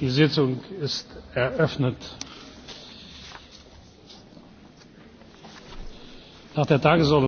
Die Sitzung ist eröffnet. Nach der Tagesordnung.